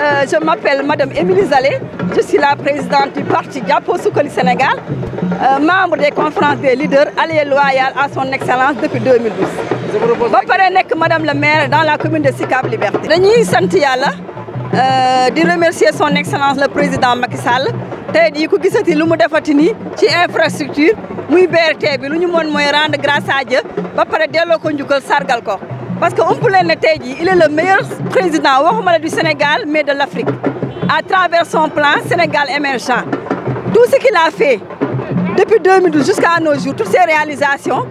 Euh, je m'appelle Madame Émilie Zalé, je suis la présidente du parti Diapo Soukoli Sénégal, euh, membre des conférences des leaders, allié loyal à son excellence depuis 2012. ba pare nekk Madame le maire dans la commune de Sicap Liberté. dañuy sant yàlla euh, di remercier son excellence la président Macky Sall tey jii ku gisati lu mu defati nii ci infrastructure muy BRT bi lu ñu mën moy rendre grâce à Dieu ba pare delloo ko njukkal sargal ko. parce que ëmp leen ne tey jii il est le meilleur président waxuma la du Sénégal mais de l'Afrique à travers son plan Sénégal émergent tout ce qu'il a fait depuis 2012 jusqu'à nos jours toutes ces réalisations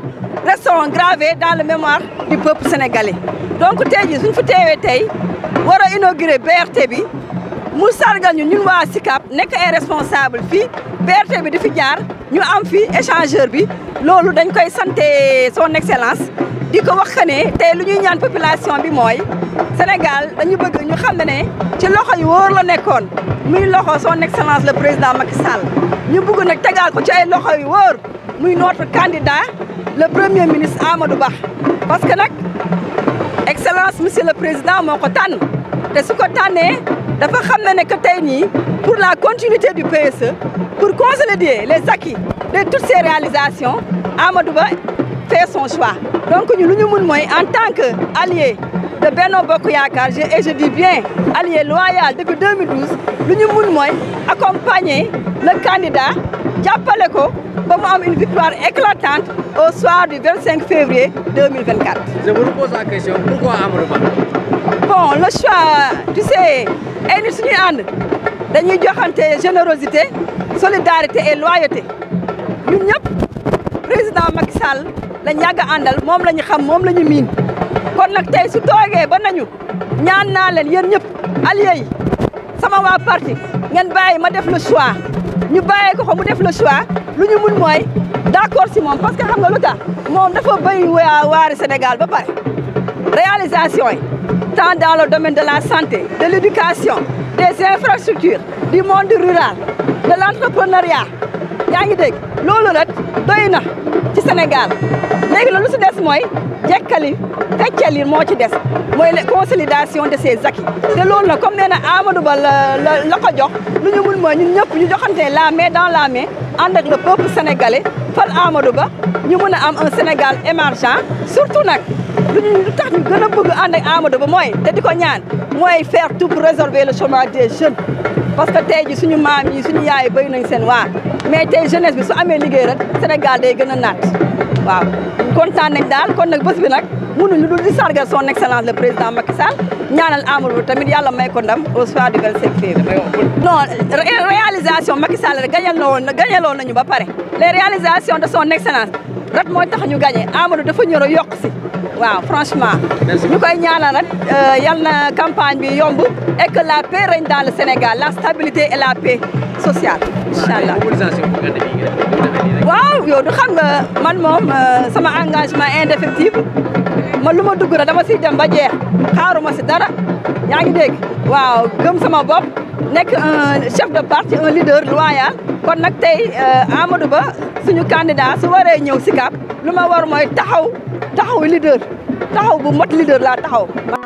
resteront gravées dans le mémoire du peuple sénégalais donc tey jii suñ fi teewee tey war a inauguré BRT bi mu sargal ñu ñun waa SICAP nekk ay responsable fii BRT bi di fi jaar ñu am fii échangeur bi loolu dañ koy santé son excellence di ko wax ne tey lu ñuy ñaan population bi mooy Sénégal dañu bëgg ñu xam ne ci loxo yu wóor la nekkoon muy loxo son excellence le président Macky Sall ñu bëgg nag tegaal ko ci ay loxo yu wóor muy notre candidat le premier ministre Amadou Ba parce que nag excellence monsieur le président moo ko tànn te su ko tànnee dafa xam na ne que tey nii pour la continuité du PSE pour consolider les acquis de toutes ces réalisations Amadou Ba fait son choix. Donc nous, nous, nous, en tant qu'alliés de Beno Bokuyakar, et je dis bien allié loyal depuis 2012, nous, nous, nous accompagner le candidat Diapaleko pour avoir une victoire éclatante au soir du 25 février 2024. Je vous pose la question, pourquoi Amadouba Bon, le choix, tu sais, et nous sommes nous avons générosité, solidarité et loyauté. Nous, nous, Sall lañ yàgg a àndal moom la xam moom lañu ñu miin kon nag tey su ba nañu ñaan naa leen yéen ñëpp alliés sama waa parti ngeen bàyyi ma def le choix ñu bàyyee ko ko mu def le choix lu ñu mun mooy d'accord si parce que xam nga lu moom dafa béy waa waari Sénégal ba pare réalisation yi tant dans de la santé de l'éducation des infrastructures du monde rural de l'entrepreneuriat yaa ngi dégg loolu rek doy na ci Sénégal léegi nag lu des mooy jekkali feccali moo ci des mooy la consolidation de ces te loolu nag comme nee na Amadou Ba la la ko jox lu ñu mun mooy ñun ñëpp ñu joxante la main dans la main ànd ak le Ba ñu mun a am un Sénégal émergent surtout nag lu ñu lu tax ñu gën a bëgg ànd mooy te di ko ñaan mooy faire tout pour résorber le chômage des jeunes parce que tey ji suñu maam yi suñu yaay béy nañ seen waar mais tey jeunesse bi su amee liggéey rek Sénégal day gën a naat waaw kontaan nañ daal kon nag bés bi nag mënuñu dul di sargal son excellence le président Macky Sall ñaanal Amadou tamit yàlla may ko ndam au soir du 25 février non réalisation Macky Sall rek gañaloon gañaloon nañu ba pare les de son excellence rat moo tax ñu gagné Amadou dafa ñëw a yokk waaw franchement. ñu koy ñaanal rek euh, yal na campagne bi yomb et la paix règne dans le Sénégal la stabilité et la paix sociale. incha allah waaw yow du xam nga man moom euh, sama engagement indéfectible ma lu ma dugg rek dama siy dem ba jeex xaaruma si dara. yaa ngi dégg waaw gëm sama bopp nekk un chef de parti un leader loyal kon nag tey euh, Amadou Ba suñu candidat su waree ñëw Sicap lu ma war mooy taxaw taxaw leader taxaw bu mot leader laa taxaw.